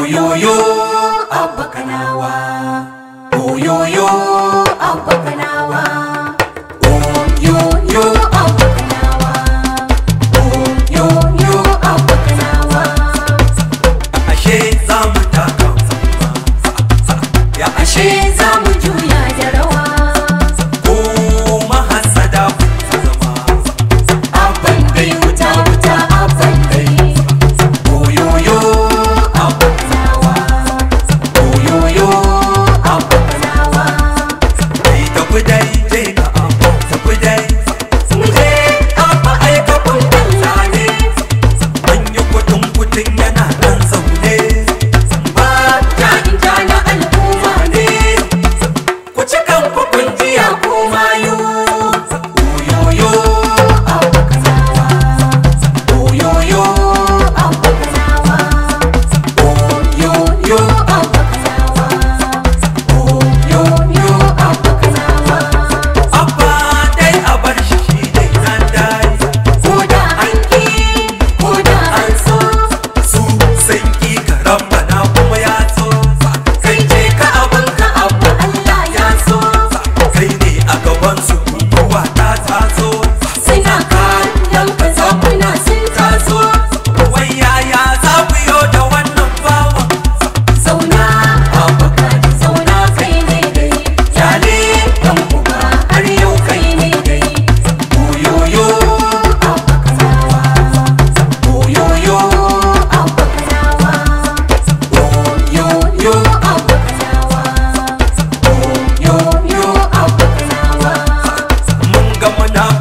Oyoyo abakanawa. Oyoyo abakanawa. Oyoyo abakanawa. Oyoyo abakanawa. Ashe za mu taka ashe za mu juya jara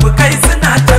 munafukai suna